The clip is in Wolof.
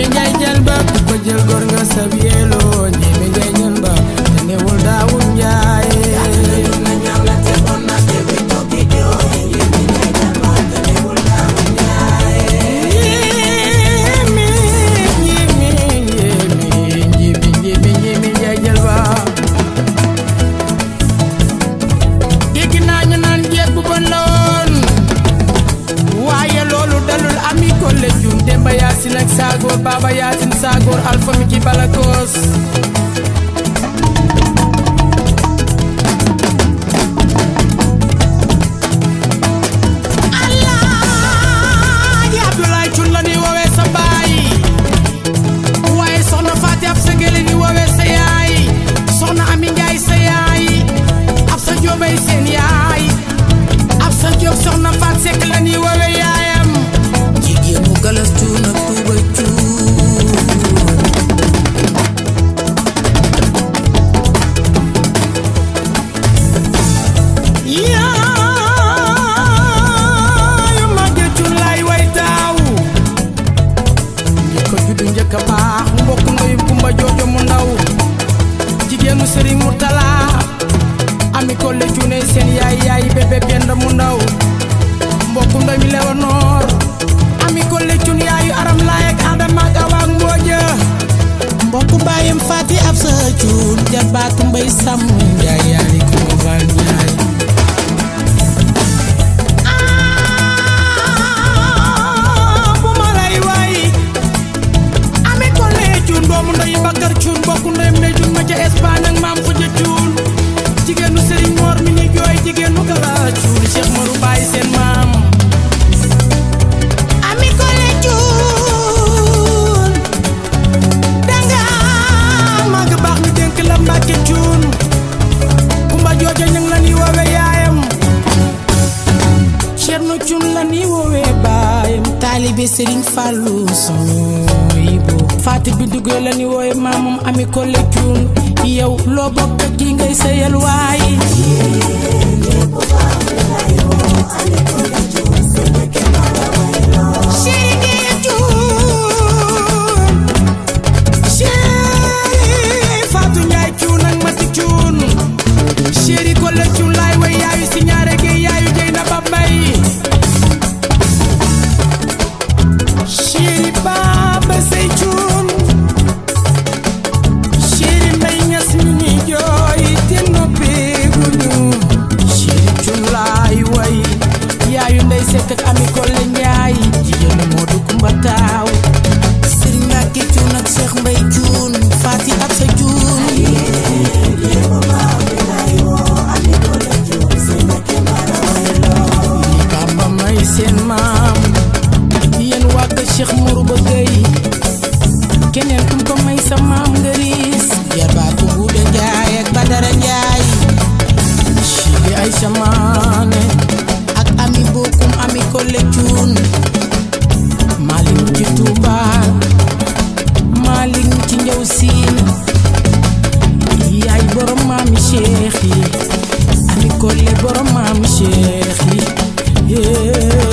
ñeme ngay jël ba ku ko jël góor nga sab yeloo ñeme ngay jël ba te newul daawul njaay baba yaasin sagor alpha mi ci balakoos maami kolle juney seen yaay lewa noor ami kolle yaayu aram laay ak adama ak awa ak mbooja faati ab sa cun jabaatu mbay sàmm Serigne Fallou sunu yibu Fatick bi duggee la ni wooye maamam ami ko leccuun yow loo bokk ak yi ngay sëyal waay Chéri Fatu Njaay cuun ak Mati cuun chéri ko la cuun seet ak ami Kole Njaay jigéenu Moodu Kumba Taaw Sëriñ Mbàkke Cuun ak Cheikh Mbay Faati ab sa Cuun yi Bamba may seen maam yéen waa kër Cheikh Mourou ba gëy keneen kum may sa maam nga riis jarbaatu Buuda Njaay ak Badara Njaay ci ay sa le cuun Malick ci Touba Malick ci njaw siin yaay borom maami cheikh yi ami ko le borom maami cheikh yi eh.